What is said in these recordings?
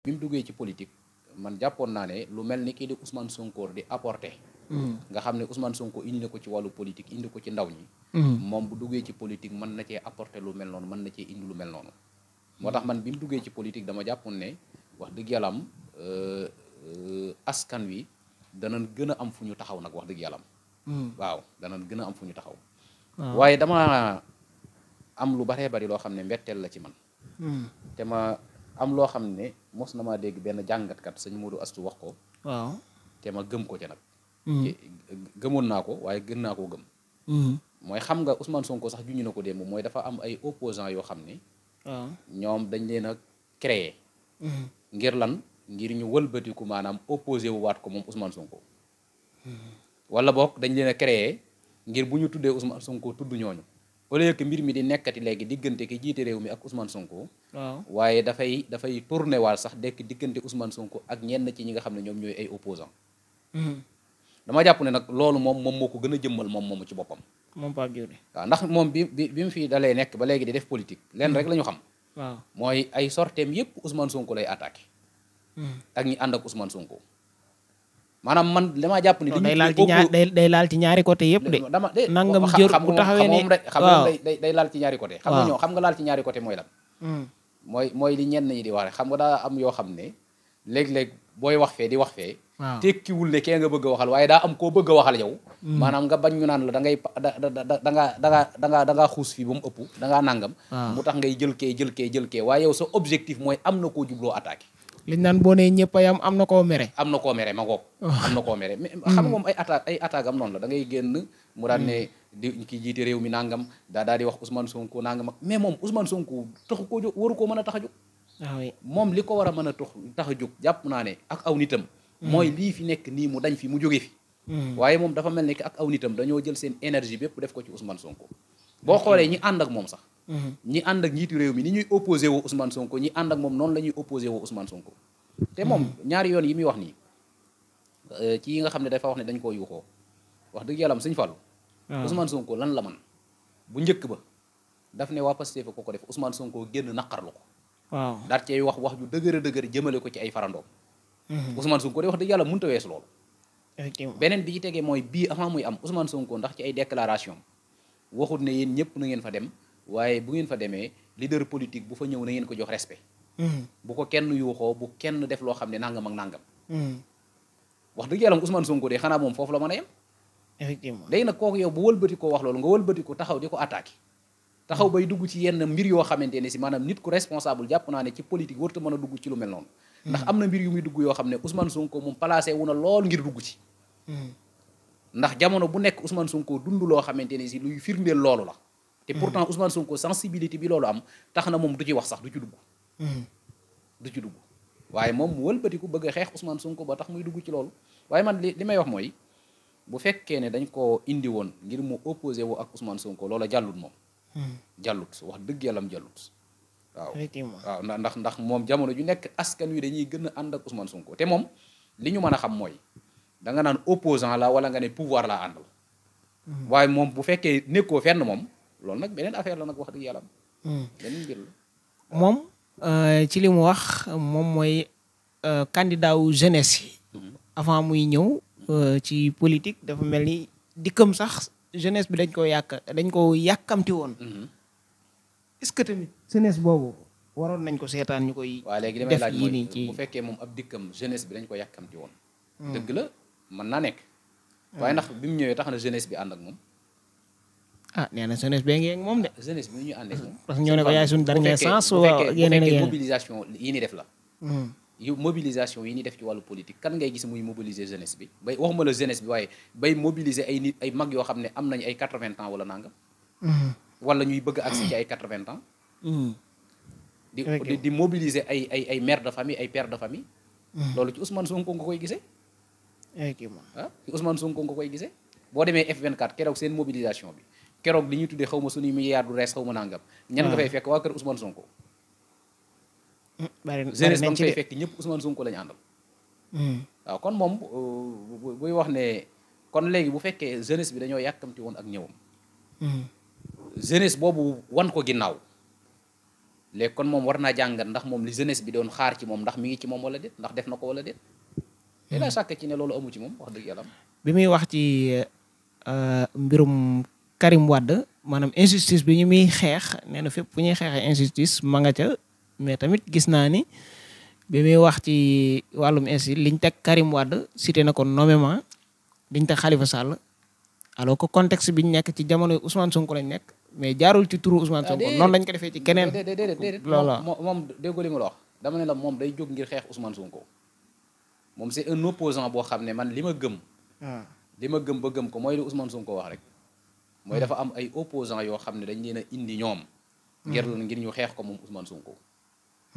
bi mu duggee ci politique man jàppoon naa ne lu mel ni kii di usman sonkoor di apporter. Mm. nga xam ne Ousmane Sonko indi na ko ci wàllu politique indi ko ci ndaw ñi. Mm. moom bu duggee ci politique man na cee apporter lu mel noonu mën na cee indi lu mel noonu. moo tax man bi mu duggee ci politique dama jàppoon ne wax dëgg yàlla euh, euh, askan wi danañ gën a am fu ñu taxaw nag wax dëgg yàlla mm. waaw danañ gën a am fu ñu taxaw. Ah. waaye dama am lu baree bari loo xam ne mbetteel la ci man. loo xam ne mos na maa dégg benn jàngatkat sëñ Modou astu wax ko. waaw te ma gëm ko ca nag. Mm. gëmoon naa ko waaye gën naa ko gëm. Mm. mooy xam nga Ousmane Sonko sax juñu na ko démb mooy dafa am ay opposants yoo xam ni. ñoom dañ leen a créer. Mm. ngir lan ngir ñu wëlbatiku maanaam opposé wu waat ko moom Ousmane Sonko. wala boog dañ leen a créer ngir bu ñu tuddee Ousmane Sonko tudd ñooñu. au mbir mi di nekkati léegi diggante ki jiite réew mi ak Ousmane Sonko. waaye dafay dafay tourné waal sax dekk diggante Ousmane Sonko ak ñenn ci ñi nga xam ne ñoom ñooy ay opposants hmm. dama jàpp ne nag loolu moom moom moo ko gën a jëmmal moom moom ci boppam. moom Pape waaw ndax moom bi bi mu fii dalee nekk ba léegi di def politique lenn hmm. rek la ñu xam. waaw mooy ay sorteem yépp Ousmane Sonko lay attaqué. Hmm. ak ñi ànd ak Ousmane Sonko. maanaam man damaa jàpp ni. day laal ci ñaar day laal ci ñaari côté yëpp de. dama de nangam jër bu taxawee ni xam nga day day laal ci ñaari côté. xam xam nga laal ci ñaari côté mooy lan. Hmm. mooy mooy li ñenn ñi di wax rek xam nga daa am yoo xam ne léeg-léeg booy wax fee di wax fee. tekkiwul ne kee nga bëgg waxal waaye daa am koo bëgg a waxal yow. Hmm. maanaam nga bañ ñu naan la da ngay da da da da ngaa da ngaa da xuus fii ba ëpp da nangam. mu tax ngay jël kee jël ke jël kee waaye yow sa objectif mooy am na ko jubloo attaqué liñ naan boo nee ñëpp yam am na koo mere. am na koo mere ma ngoog. Oh. am na koo mere mais xam nga hmm. moom ay attaque ay attaque am noonu la da ngay génn mu daan ne di jiite réew mi nangam daa daal di wax Ousmane Sonko nangam mais moom Ousmane Sonko taxu koo jóg waru koo mën a tax a jóg. Ah moom li ko war a mën a tax tax a jóg jàpp naa ne ak aw nitam. Hmm. mooy lii fi nekk nii mu dañ fi mu jóge fi. Hmm. waaye moom dafa mel ni ak aw nitam dañoo jël seen énergie bépp def ko ci Ousmane Sonko. boo xoolee ñi ànd moom sax ñi ànd ak njiitu réew mi ni ñuy opposé woo Ousmane sonkoo ñi ànd ak moom noonu la ñuy opposé woo Ousmane Sonko. te moom mm-hmm. ñaari yoon yi muy wax nii euh, ci yi nga xam ne dafa wax ne dañ koo yuuxoo wax dëgg yàlla am sëñ Fallou. Ah. Ousmane Sonko lan la man bu njëkk ba daf ne waa Pastef ko ko def Ousmane Sonko génn naqarlu ko. waaw daal cay wax wax ju dëgër dëgër jëmale ko ci ay farandoom. Mm-hmm. Ousmane Sonko de wax dëgg yàlla mënut a weesu beneen bi ci tegee mooy bii avant muy am Ousmane Sonko ndax ci ay déclaration waxut ne yéen ñëpp na ngeen fa dem waaye bu ngeen fa demee leader politique bu fa ñëw na ngeen ko jox respect. Hmm. bu ko kenn yuuxoo bu kenn def loo xam ne nangam ak nangam. Hmm. wax dëgg yàlla Ousmane Sonko de xanaa moom foofu la mën a yem. effectivement léegi nag bu wëlbati wax loolu nga wëlbati ko taxaw di ko attaqué. taxaw hmm. bay dugg ci yenn mbir yoo xamante ne si maanaam nit ku responsable jàpp naa ne ci politique warut mën a lu mel noonu. ndax am na mbir yu muy dugg yoo xam ne Ousmane Sonko moom placé wu na lool ngir dugg ci. ndax jamono bu nekk Ousmane Sonko dund loo xamante ne si luy firndeel loolu la. pourtant mm-hmm. Ousmane sunko sensibilité bi loolu am tax na moom du ci wax sax du ci dugg. Mm-hmm. du ci dugg waaye moom mu wëlbatiku bëgg a xeex Ousmane sunko ba tax muy dugg ci loolu waaye man li li may wax mooy bu fekkee ne dañ koo indi woon ngir mu opposé wu ak Ousmane Sonko loola jàllut moom. Mm-hmm. jàllut wax dëgg yàlla mu jàllut. waaw ndax ndax moom jamono ju nekk askan wi dañuy gën a ànd ak Ousmane te moom li ñu mën a xam mooy da nga naan opposant la wala nga ne pouvoir laa àndal. moom bu fekkee nekkoo fenn moom. loolu nag beneen affaire la nag wax dëgg yàlla. Hmm. beneen mbir moom euh, ci li mu wax moom mooy euh, candidat wu jeunesse yi. Hmm. avant muy ñëw euh, ci politique dafa mel ni dikkam sax jeunesse bi dañ ko yàq dañ ko yàkkamti woon. Hmm. est-ce que jeunesse boobu waroon nañ ko seetaan ñu koy. def yii nii ci bu fekkee moom ab dikkam jeunesse bi dañ ko yàkkamti woon. dëgg la mën naa nekk. waaye ndax bi mu ñëwee tax na jeunesse bi ànd ak moom. ah nee na jeunesse bee ngi moom de. jeunesse bi ñu àndee parce ñoo ne ko yaay suñu dernier sens. bu fekkee mobilisation yi ni def la. yu mobilisation yi ni def ci wàllu politique kan ngay gis muy mobiliser jeunesse bi bay jeunesse bi waaye bay mobiliser ay mag yoo xam ne am nañu ay quatre-vingts ans wala nangam. wala ñuy bëgg ak ci ay quatre-vingts hmm. ans. di di mobiliser ay ay ay mère de famille ay père de famille. Hmm. loolu ci Ousmane Sonko nga koy gisee. effectivement ah ci Ousmane nga koy gisee. boo demee F24 keroog seen mobilisation bi. keroog li ñuy tuddee xaw ma suñuy milliards du rees xaw ma nangam. ñan nga hmm. fay fekk waa kër Ousmane Sonko. Hmm, bari jeunesse fekk ñëpp Ousmane Sonko la ñu àndal. Hmm. waaw kon moom euh, buy wax ne kon léegi bu fekkee jeunesse bi dañoo yàkkamti woon ak ñëwam. jeunesse boobu wan ko ginnaaw. léegi kon moom war naa jàngat ndax moom li jeunesse bi doon xaar ci moom ndax mi ngi ci moom wala déet ndax def na ko wala déet. te laa sàkk ci ne loolu amu ci moom wax dëgg yàlla. bi muy wax ci euh, mbirum Karim Wade maanaam injustice bi ñu muy xeex nee na fépp fu ñuy xeexee injustice ma nga ca mais tamit gis naa ni bi muy wax ci wàllum insi liñ teg Karim Wade cité na ko nommément liñ teg Khalifa sàll alors que contexte biñ nekk ci jamono Ousmane Sonko lañ nekk mais jaarul ci turu Ousmane Sonko ah, noonu lañ ko defee ci keneen. loolu moom déggoo li ma la wax dama ne la moom day jóg ngir xeex Ousmane Sonko moom c'est un opposant boo xam ne man li ma gëm. Ah. li ma gëm ba gëm ko mooy li Ousmane Sonko wax rek. mooy hmm. dafa am ay opposants yoo xam ne dañ leen a indi ñoom. ngir hmm. ngir ñu xeex ko moom Ousmane Sonko.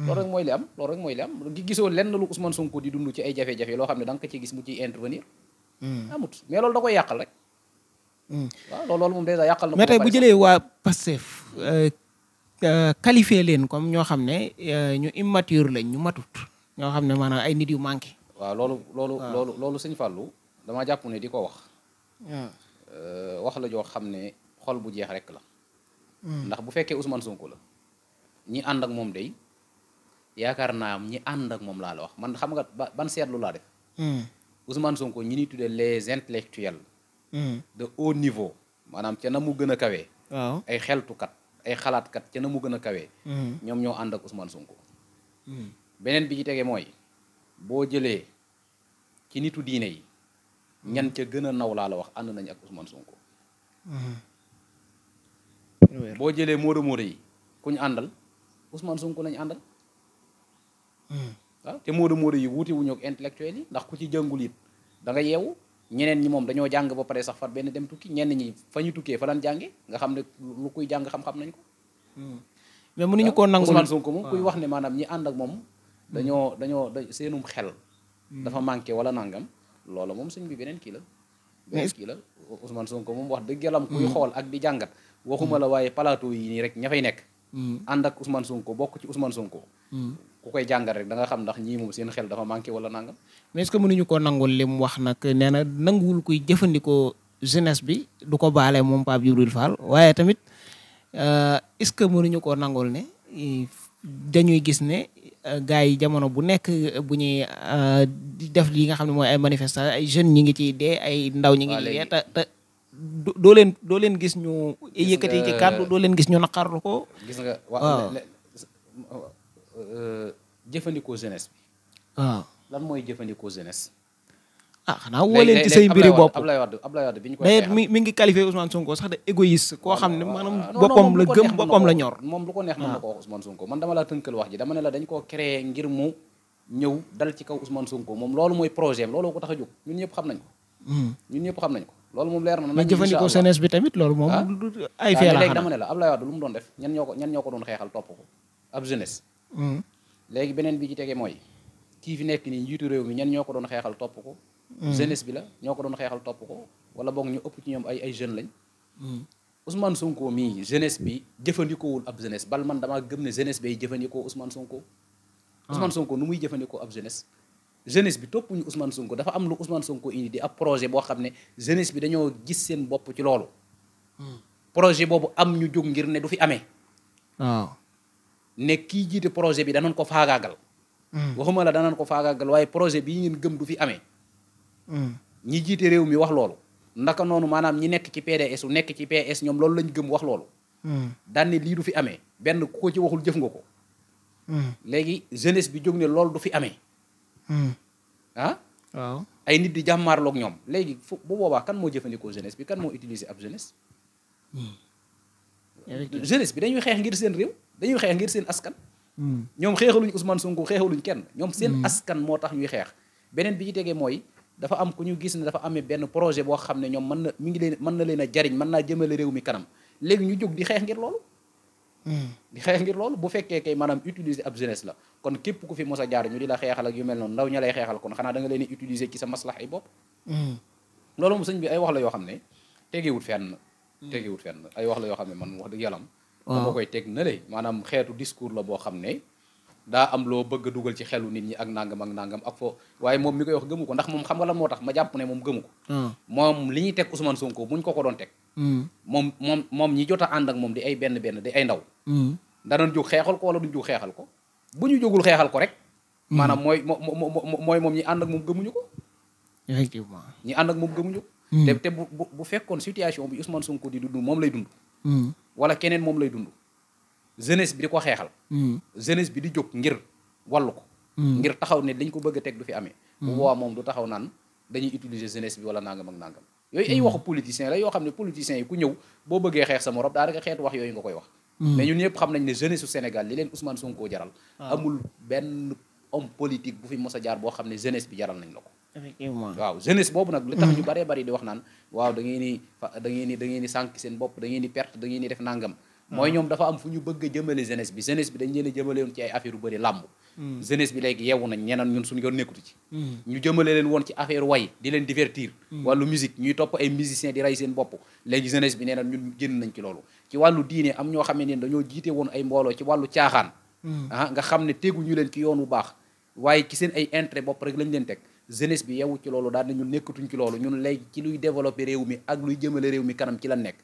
Hmm. loolu rek mooy li am loolu rek mooy li am gisoo lenn lu Ousmane Sonko di dund ci ay jafe-jafe xam ne da nga ko mu ciy intervenir. amut da koy yàqal rek. waaw loolu moom dèjà yàqal na. mais tey bu jëlee waa Pastef euh, euh, qualifié leen comme ñoo xam ne euh, ñu immature lañ ñu matut ñoo xam ne maanaam ay nit yu manqué. waaw loolu loolu ah. loolu loolu sëñ damaa jàpp ne di ko wax. Ah. Euh, wax la joo xam ne xol bu jeex rek la. Hmm. ndax bu fekkee usman Sonko la ñi ànd ak moom day yaakaar naa ñi ànd ak moom laa la wax man xam nga ban seetlu laa def. Hmm. Ousmane Sonko ñi ñuy tuddee les intellectuels hmm. de haut niveau maanaam ca na mu gën a kawee ay xeltukat ay xalaatkat ca na mu gën a kawee ñoom ñoo ànd ak Ousmane Sonko. beneen bi ci tege mooy boo jëlee ci nitu diine yi. ñan ca gën a naw laa la wax ànd nañ ak Ousmane Sonko. boo jëlee Modou Modou yi ku ñu àndal Ousmane Sonko lañ àndal. waaw te Modou Modou yi wuute wuñu yi ndax ku ci jàngul it da nga yeewu ñeneen ñi moom dañoo jàng ba pare sax far benn dem tukki ñenn ñi fa ñu tukkee fa lan jànge nga xam ne lu kuy jàng xam-xam nañ ko. mais mënuñu koo nangu Ousmane Sonko moom kuy wax ne maanaam ñi ànd ak moom. dañoo dañoo seenum xel. dafa manqué wala nangam. loola moom sëñ bi beneen kii beneen kii la Ousmane Sonko moom wax dëgg yàlla kuy hmm. xool ak di jàngat waxuma la waaye plateau yi nii rek ña fay nekk hmm. ànd ak Ousmane Sonko bokk ci Ousmane Sonko hmm. ku koy jàngat rek da nga xam ndax ñii seen xel dafa manqué wala nangam mais est-ce que mënuñu koo nangul li mu wax nag nee na nanguwul kuy jëfandikoo jeunesse bi du ko baale moom Pape Djibril Fall waaye tamit euh, est-ce que mënuñu koo nangul ne euh, dañuy gis ne Euh, gars yi jamono bu nekk euh, bu ñuy euh, def li nga xam ne mooy ay manifestation ay jeunes ñi ngi ciy dee ay ndaw ñi ngi ciy dee te te doo leen doo leen gis ñu yëkkati ci doo leen gis ñu naqarlu ko gis nga waaw jëfandikoo jeunesse bi waaw lan mooy jëfandikoo jeunesse ah xanaa woo leen ci say mbiri bopp Ablaye Wade Ablaye Wade bi ñu koy mais mi mi ngi qualifié Ousmane Sonko sax de égoïste koo xam ne maanaam boppam la gëm boppam la ñor moom lu ko neex mën na ah. ko wax Ousmane Sonko man dama laa tënkal wax ji dama ne la dañ koo créé ngir mu ñëw dal ci kaw Ousmane sunko moom loolu mooy projet am loolu ko ñëpp xam nañ ko hmm. ñëpp xam nañ ko loolu moom leer na mais jëfandikoo CNS bi tamit loolu moom ah. ay fee la léegi dama ne la mu doon def ñan ñoo ko ñan ñoo doon xeexal topp ko ab jeunesse hmm. léegi beneen bi ci tege mooy kii fi nekk nii njiitu réew mi ñan ñoo ko doon xeexal topp ko Mm. jeunesse bi la ñoo ko doon xeexal topp ko wala boog ñu ëpp ci ñoom ay ay jeunes lañ. Mm. usman Sonko mii jeunesse bi jëfandikoowul ab jeunesse bal man damaa gëm ne jeunesse bay jëfandikoo Ousmane Sonko. Ah. Ousmane Sonko nu muy jëfandikoo ab jeunesse. jeuness bi topp toppuñu usman Sonko dafa am lu usman Sonko indi di ab projet boo xam ne jeunesse bi dañoo gis seen bopp ci loolu. Mm. projet boobu am ñu jóg ngir ne du fi amee. waaw ah. ne kii jiite projet bi danañ ko faagaagal. waxuma la danañ ko faagaagal waaye projet bii ngeen gëm du fi amee. ñi jiite réew mi wax loolu ndaka noonu maanaam ñi nekk ci PDS u nekk ci PS ñoom loolu lañ gëm wax loolu hmm. daal ne lii du fi amee benn ku ko ci waxul jëf nga ko hmm. léegi jeunesse bi jóg ne loolu du fi amee hmm. ah waaw ay nit di jàmmaarloog ñoom léegi fu bu boobaa kan moo jëfandikoo jeunesse bi kan moo utiliser ab jeunesse jeunesse bi dañuy xeex ngir seen réew dañuy xeex ngir seen askan ñoom xeexaluñ Ousmane Sonko xeexaluñ kenn ñoom seen askan moo tax ñuy xeex beneen bi ñu tegee mooy dafa am ku ñu gis ne dafa amee benn projet boo xam ne ñoom mën na mi ngi leen mën na leen a jariñ mën naa jëmale réew mi kanam léegi ñu jóg di xeex ngir loolu hmm. di xeex ngir loolu bu fekkee kay maanaam utiliser ab jeunesse la kon képp ku fi mos a jaar ñu di la xeexal ak yu mel noonu ndaw ña lay xeexal kon xanaa da leen utiliser ci sa maslax ay bopp hmm. loolu moom sëñ bi ay wax la yoo xam ne tegiwut fenn hmm. tegiwut fenn ay wax la yoo xam ne man wax dëgg yàllam koy teg na maanaam xeetu discours la boo xam ne daa am loo bëgg dugal ci xelu nit ñi ak nangam ak nangam ak foo waaye moom mi koy wax gëmu ko ndax moom xam nga lan moo tax ma jàpp ne moom gëmu ko hmm. moom li ñuy teg Ousmane Sonko buñ ko ko doon hmm. moom moom moom ñi jot a ànd ak moom di ay benn benn di ay ndaw hmm. danañ jóg xeexal wala duñ jóg xeexal ko bu ñu jógul xeexal ko rek maanaam mooy mooy moom ñi ànd ak moom gëmuñu ko effectivement ñi ànd ak moom gëmuñu ko te te bu bu fekkoon situation bi Ousmane Sonko di dund moom lay dund wala keneen moom lay dund jeunesse bi di ko xeexal. Hmm. jeunesse bi di jóg ngir wallu ko. Hmm. ngir taxaw ne dañ ko bëgg a teg du fi amee. bu hmm. boobaa moom du taxaw naan dañuy utiliser jeunesse bi wala nangam ak nangam. yooyu ay waxu politiciens la yoo xam ne politiciens yi ku ñëw boo bëggee wax yooyu nga koy wax. mais ñun ñëpp xam nañ ne jeunesse su ah. bu fi mos a jaar boo xam ne jeunesse bi jaral nañ la ko. effectivement waaw jeunesse boobu nag. li tax ñu baree bari di wax naan waaw da ngeen di seen bopp da ngeen di perte da ngeen di def nangam. mooy ñoom dafa am fu ñu bëgg a jëmale jeunesse bi jeunesse bi dañ leen a jëmale woon ci ay affaire yu làmb hmm. jeunesse bi léegi yeewu nañ ñeneen ñun suñu yoon nekkutu ci hmm. ñu jëmale leen woon ci affaire way di leen divertir hmm. wàllu musique ñuy topp ay musiciens di seen bopp léegi jeunesse bi nee na ñun génn nañ ci loolu ci wàllu diine am ñoo xam ne dañoo jiite woon ay mbooloo ci wàllu caaxaan ah nga xam ne tegu ñu leen ci yoon wu baax waaye ci seen ay intérêt bopp rek lañ leen teg jeunesse bi yeewu ci loolu daal na ñun nekkatuñ ci loolu ñun léegi ci luy développer réew mi ak luy jëmale réew mi kanam ci la nekk